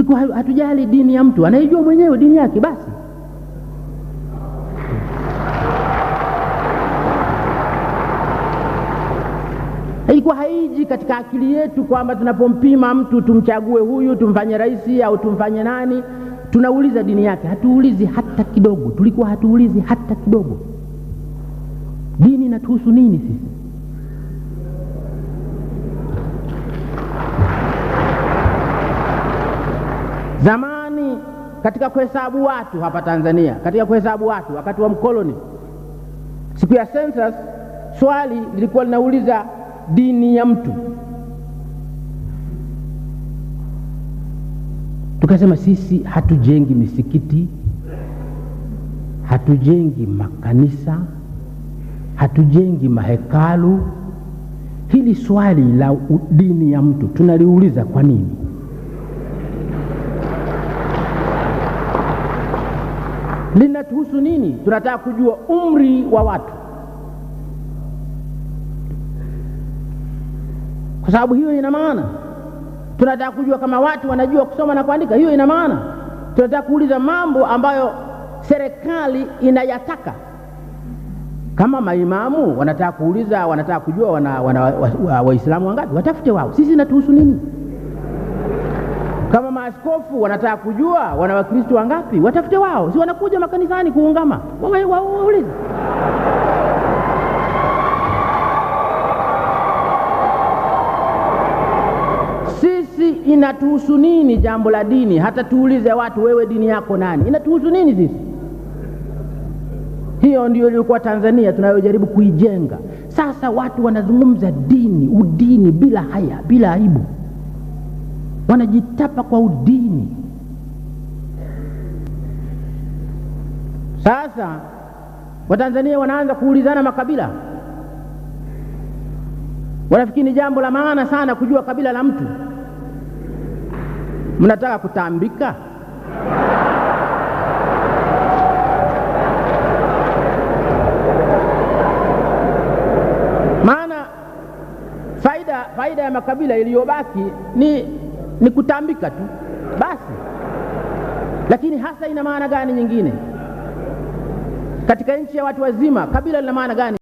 Tuko hatujali dini ya mtu, anaijua mwenyewe dini yake basi. Haikuwa haiji katika akili yetu kwamba tunapompima mtu tumchague huyu, tumfanye rais au tumfanye nani, tunauliza dini yake. Hatuulizi hata kidogo, tulikuwa hatuulizi hata kidogo. Dini inatuhusu nini sisi? Zamani katika kuhesabu watu hapa Tanzania, katika kuhesabu watu wakati wa mkoloni, siku ya census, swali lilikuwa linauliza dini ya mtu. Tukasema sisi hatujengi misikiti, hatujengi makanisa, hatujengi mahekalu. Hili swali la dini ya mtu tunaliuliza kwa nini? linatuhusu nini? Tunataka kujua umri wa watu, kwa sababu hiyo ina maana. Tunataka kujua kama watu wanajua kusoma na kuandika, hiyo ina maana. Tunataka kuuliza mambo ambayo serikali inayataka kama maimamu wanataka kuuliza, wanataka kujua wana, waislamu Waislamu wa, wa, wa wangapi, watafute wao. Sisi natuhusu nini? Kama maaskofu wanataka kujua wana wakristo wangapi, watafute wao, si wanakuja makanisani kuungama, waulize sisi inatuhusu nini jambo la dini? Hata tuulize watu, wewe dini yako nani? Inatuhusu nini sisi? Hiyo ndio ilikuwa Tanzania tunayojaribu kuijenga. Sasa watu wanazungumza dini, udini bila haya, bila aibu wanajitapa kwa udini. Sasa Watanzania wanaanza kuulizana makabila, wanafikiri ni jambo la maana sana kujua kabila la mtu. Mnataka kutambika? Maana faida faida ya makabila iliyobaki ni ni kutambika tu basi. Lakini hasa ina maana gani nyingine katika nchi ya watu wazima? Kabila lina maana gani?